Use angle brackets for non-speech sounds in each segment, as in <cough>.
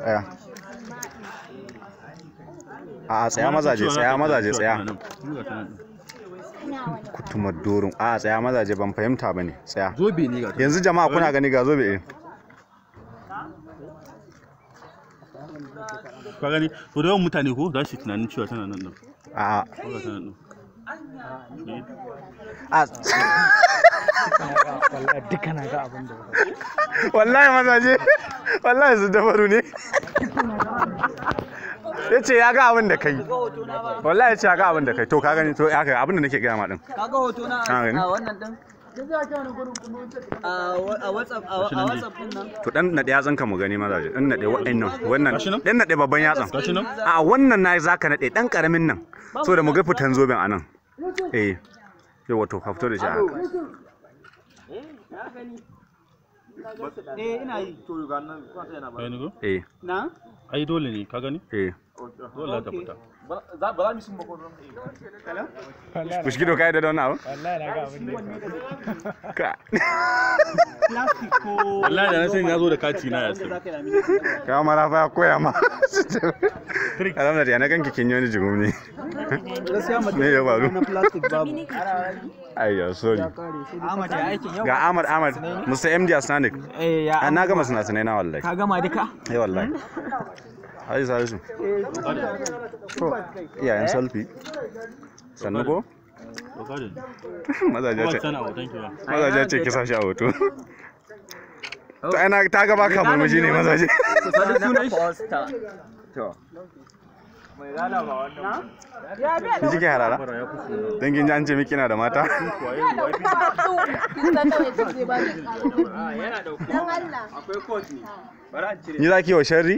tsaya a tsaya mazaje tsaya mazaje tsaya kutumar dorin a tsaya mazaje ban fahimta ba ne tsaya yanzu jama'a kuna eh. gani ga zobe ɗin eh. ka gani to da mutane ko za su tunanin cewa tana nan nan a a <laughs> <laughs> wallahi mazaje wallahi su dabaru ne ya ce ya ga abin da kai wallahi ya ce ya ga abin da kai to ka gani to ya ga abin da nake gaya ma din ka ga hoto na a wannan din a whatsapp din nan to dan nade yatsan ka mu gani mazaje dan nade wa'annan wannan dan nade babban yatsan a wannan na zaka nade dan karamin nan so mu ga fitan zoben anan eh yawa wato ka da shi a haka ka eh ina yi to ga nan kwanta yana ba ne eh na ai dole ne ka gani eh dole ta fita za ba za mu sun bakon ran ku shigido kai da don abu wallahi na ga abin ka plastic ko wallahi da na sai na zo da kati na ya ka mara fa koya ma <laughs> Alhamdulillah ya na ganki kin wani jigum ne. Me ya faru? Ayya sorry. Ga Ahmad Ahmad Mr. MD eh, Na gama suna sunai na wallahi. Ka gama duka? Eh wallahi. Salisu. Eh? Sannu ko? Mazaje ce kisa hoto. ta gaba ne mazaje. Kiji ki harara? Dangin kin ji an ce miki na da mata? Ah, Ni za ki yi wa sharri?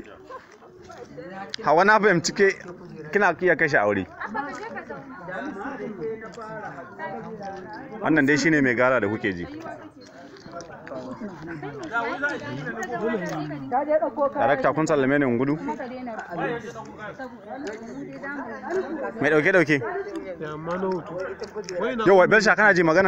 Hawa na fahimci ke kina iya kashe aure. Wannan dai shine mai gara da kuke ji. Darakta kun sallame ne gudu? Mai dauke-dauke? Yawwa, Belsha kana ji magana?